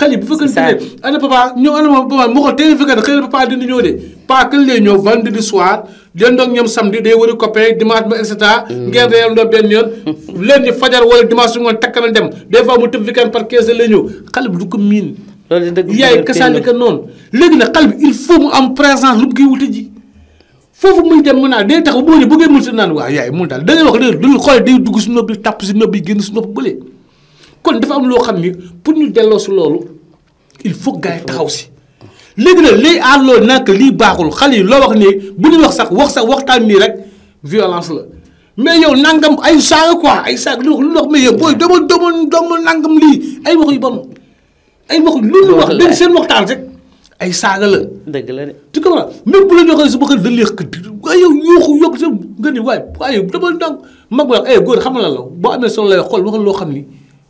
xale bu fekkee ne ana papa ñëw ana papa mu xool tey fekkee ne xëy na papa dina de pas que lay ñëw hmm. na dem des mu tëb weekend par 15 lay ñëw xale bi du noonu léegi nag xale bi il faut mu am présence lu koy wuti ji foofu muy dem mën naa day tax bu bëggee si naan waaw yaay mun daal da ngay wax dëgg xoole day dugg si nopp bi si nopp génn si nopp bële kon dafa am loo xam ni pour ñu delloo si loolu il faut gars yi taxaw si léegi nag liy à loolu nag lii baaxul xale yi loo wax ni bu ñu wax sax wax sax waxtaan nii rek violence la mais yow nangam ay saaga quoi ay saag lu lu wax mais yow booy dama dama dama nangam lii ay waxu yu bon ay waxu lu ñu wax dañ seen waxtaan rek ay saaga la. dëgg la de. tu comprends même bu la joxee su ma ko dalee waaye yow yokku yokku sa nga ni waaye waaye dama nang mag wax ay eh, góor xam la la boo amee solo lay xool waxal loo xam ni.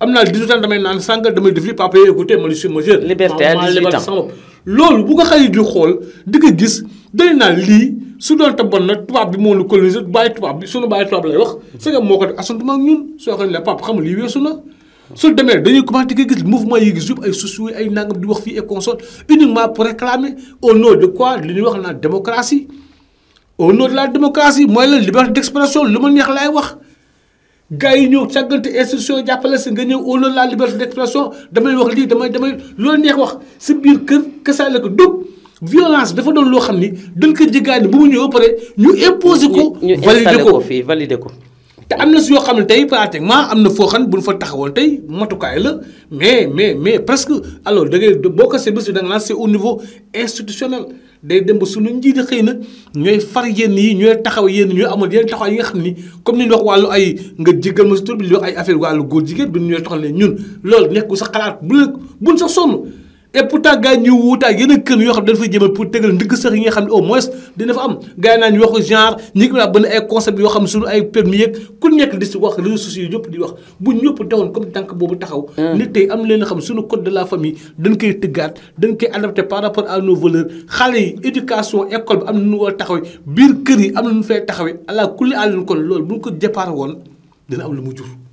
amna 18 ans damay damay papa ma je suis majeur. liberté à 18 ans bu ko xali di xol di ko gis dañ naan su do ta bon nag toba bi toba bi sunu wax. que ñun ne papa xam li na. su dañuy commencé le gis mouvement yi gis ay ay nangam di wax et consort uniquement pour réclamer au nom de quoi li wax démocratie. au nom de la démocratie moy la liberté d'expression luma neex wax. gars yi ñëw càggante institution jàppale si nga ñëw au nom de la liberté d'expression damay wax lii damay damay loolu neex wax si biir kër kasaale ko dugg violence dafa doon loo xam ni dañ ko jéggaani bu mu ñëw ba pare ñu imposer ko. valider ko ñu ko fii valider ko. te am na si yoo xam ne tey pratiquement am na foo xam ne bu ñu fa taxawoon tey matukaay la mais mais mais presque alors da boo ko see bés bi da nga naan c'est au niveau institutionnel day dem ba suñu njiit xëy na ñooy far yenn yi ñooy taxaw yenn ñooy amoon yenn taxaw yi nga xam ni comme ni ñu wax wàllu ay nga jéggal ma si tur bi wax ay affaire wàllu góor jigéen bi ñooy taxaw ne ñun loolu nekkul sa xalaat bu la buñ sa sonn et pourtant gars ñu des yene keun yo xam ne dañ se jëmal pour tegal ndëg sax yi nga xam au moins dina fa am genre ay concept yo xam ne suñu ay permis yek ku nekk di wax di wax bu ñëpp comme taxaw hmm. de la famille dañ koy tëggaat dañ koy qui par rapport à nos valeurs xale éducation école am a biir kër yi am nu ala kulli bu ko am lu